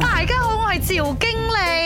大家好，我係趙經理。